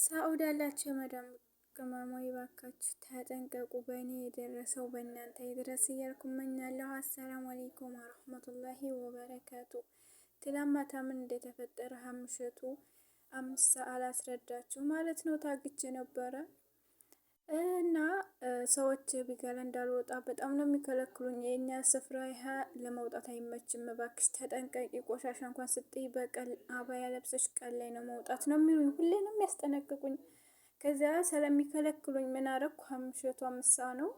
ሳኡድ ያላቸው የመዳም ባካች ይባካችሁ ተጠንቀቁ። በእኔ የደረሰው በእናንተ ይድረስ እያልኩ እመኛለሁ። አሰላሙ አሌይኩም ወረህመቱላሂ ወበረካቱ። ትላንት ማታ ምን እንደተፈጠረ ሀምሸቱ አምስት ሰዓት አስረዳችሁ ማለት ነው። ታግቼ ነበረ እና ሰዎች ቢጋላ እንዳልወጣ በጣም ነው የሚከለክሉኝ። የእኛ ስፍራ ይህ ለመውጣት አይመችም፣ እባክሽ ተጠንቀቂ፣ ቆሻሻ እንኳን ስትይ በቀል አባያ ለብሰሽ ቀን ላይ ነው መውጣት ነው የሚሉኝ። ሁሌ ነው የሚያስጠነቅቁኝ። ከዚያ ስለሚከለክሉኝ ምን አረኩ? ምሽቱ አምሳ ነው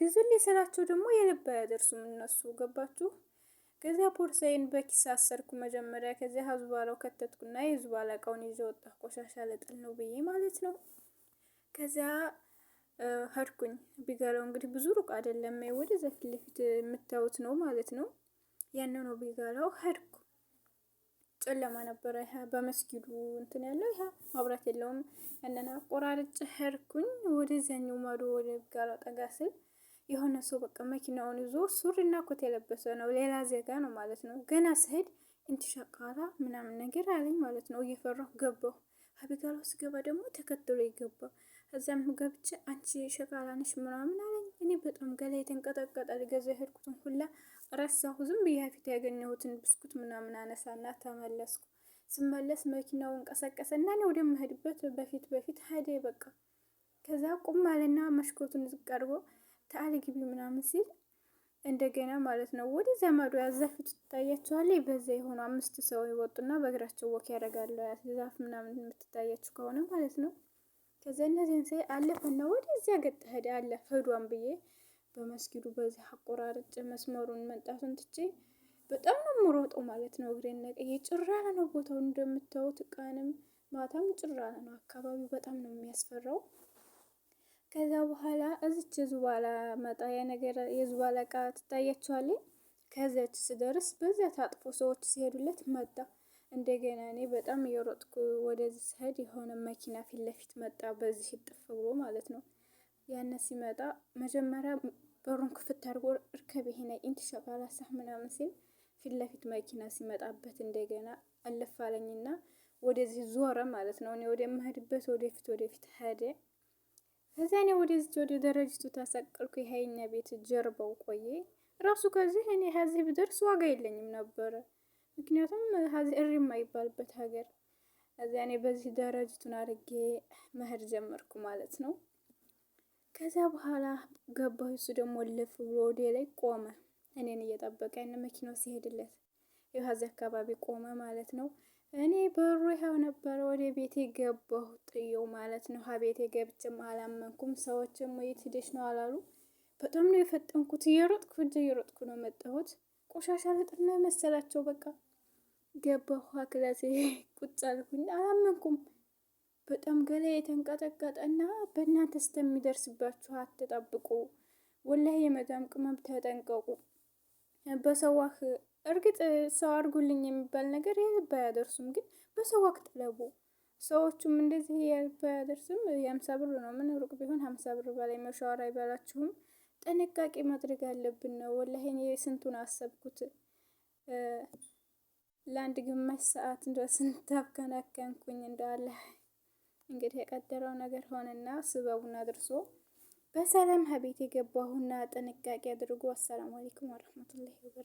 ግዙልኝ ስላቸው ደግሞ የልብ አያደርሱም እነሱ ገባችሁ። ከዚያ ቦርሳዬን በኪስ አሰርኩ መጀመሪያ። ከዚያ ሀዙባላው ከተትኩና የዙባላ እቃውን ይዤ ወጣሁ። ቆሻሻ ልጥል ነው ብዬ ማለት ነው። ከዚያ ሄድኩኝ። ቢጋላው እንግዲህ ብዙ ሩቅ አይደለም፣ ወደዚያ ፊት ለፊት የምታዩት ነው ማለት ነው። ያን ነው ቢጋላው ሄድኩ። ጨለማ ነበረ። ይሄ በመስጊዱ እንትን ያለው ይሄ መብራት የለውም። ያንን አቆራርጭ ሄድኩኝ። ወደዚያኛው ማዶ ወደ ቢጋላው ጠጋ ስል የሆነ ሰው በቃ መኪናውን ይዞ ሱሪና ኮት የለበሰ ነው፣ ሌላ ዜጋ ነው ማለት ነው። ገና ስሄድ እንትሻቃራ ምናምን ነገር አለኝ ማለት ነው። እየፈራሁ ገባሁ። ቢጋላው ስገባ ደግሞ ተከትሎ ይገባ ከዚያም ገብቼ አንቺ ሸቃላ ነሽ ምናምን አለኝ። እኔ በጣም ገላ የተንቀጠቀጠ ልገዛ ሄድኩትን ሁላ ረሳሁ። ዝም ብዬ ፊት ያገኘሁትን ብስኩት ምናምን አነሳና ተመለስኩ። ስመለስ መኪናውን ቀሰቀሰ እና እኔ ወደምሄድበት በፊት በፊት ሄደ በቃ። ከዛ ቁም አለና መስኮቱን ቀርቦ ተአል ግቢ ምናምን ሲል እንደገና ማለት ነው ወደ ዘመዱ ያዛ ትታያቸዋለ። በዛ የሆኑ አምስት ሰው ይወጡና በእግራቸው ወክ ያደርጋሉ። ዛፍ ምናምን የምትታያችሁ ከሆነ ማለት ነው ከዛ እነዚህን ሳይ አለፈና ወደዚያ ገጥ ሄደ አለ ሄዷን ብዬ በመስጊዱ በዚህ አቆራርጭ መስመሩን መንጣቱን ትቼ በጣም ነው የምሮጠው ማለት ነው። እግሬን ነቅዬ ጭራ ነው ቦታው እንደምታዩት፣ ቀንም ማታም ጭራ ነው አካባቢው በጣም ነው የሚያስፈራው። ከዛ በኋላ እዚች የዙባላ መጣ የነገር የዙባላ እቃ ትታያቸዋለኝ። ከዚች ስደርስ በዚያ ታጥፎ ሰዎች ሲሄዱለት መጣ። እንደገና እኔ በጣም እየሮጥኩ ወደዚህ ስሄድ የሆነ መኪና ፊት ለፊት መጣ፣ በዚህ እጥፍ ብሎ ማለት ነው። ያነ ሲመጣ መጀመሪያ በሩን ክፍት አድርጎ እርከብ ይሄ ናይ ሳህ ምናምን ሲል ፊት ለፊት መኪና ሲመጣበት እንደገና አለፋለኝና ወደዚህ ዞረ ማለት ነው። እኔ ወደ መሄድበት ወደፊት ወደፊት ሄደ። ከዚያ እኔ ወደዚህ ወደ ደረጅቱ ታሰቀልኩ። የሀይኛ ቤት ጀርባው ቆየ ራሱ ከዚህ እኔ ከዚህ ብደርስ ዋጋ የለኝም ነበረ ምክንያቱም እሪ የማይባልበት ሀገር እዚያ እኔ በዚህ ደረጅቱን አድርጌ መሄድ ጀመርኩ ማለት ነው። ከዚያ በኋላ ገባሁ። እሱ ደግሞ ልፍ ብሎ ወደ ላይ ቆመ፣ እኔን እየጠበቀ ያን መኪናው ሲሄድለት ይህ እዚያ አካባቢ ቆመ ማለት ነው። እኔ በሩ ይኸው ነበረ። ወደ ቤቴ ገባሁ ጥየው ማለት ነው። ቤቴ ገብቼም አላመንኩም። ሰዎችም የት ሄደሽ ነው አላሉ። በጣም ነው የፈጠንኩት። እየሮጥኩ እየሮጥኩ ነው መጣሁት። ቆሻሻ ነው መሰላቸው። በቃ ገባሁ ክላሴ ቁጭ አልኩኝ። አላመንኩም። በጣም ገላ የተንቀጠቀጠና በእናንተ ስተሚደርስባችሁ አትጠብቁ። ወላሂ የመዳም ቅመም ተጠንቀቁ። በሰዋክ እርግጥ ሰው አድርጉልኝ የሚባል ነገር የልብ አያደርሱም፣ ግን በሰዋክ ጥለቡ። ሰዎቹም እንደዚህ የልብ አያደርስም። የሀምሳ ብር ነው ምን ሩቅ ቢሆን ሀምሳ ብር በላይ መሻወር አይበላችሁም። ጥንቃቄ ማድረግ አለብን ነው። ወላሂ እኔ ስንቱን አሰብኩት። ለአንድ ግማሽ ሰዓት እንደ ስንት አብከናከንኩኝ እንዳለ እንግዲህ የቀደረው ነገር ሆነና ስበቡና አድርሶ በሰላም ሀቤት የገባሁና ጥንቃቄ አድርጎ። አሰላሙ አለይኩም ወረህመቱላሂ ወበረካቱ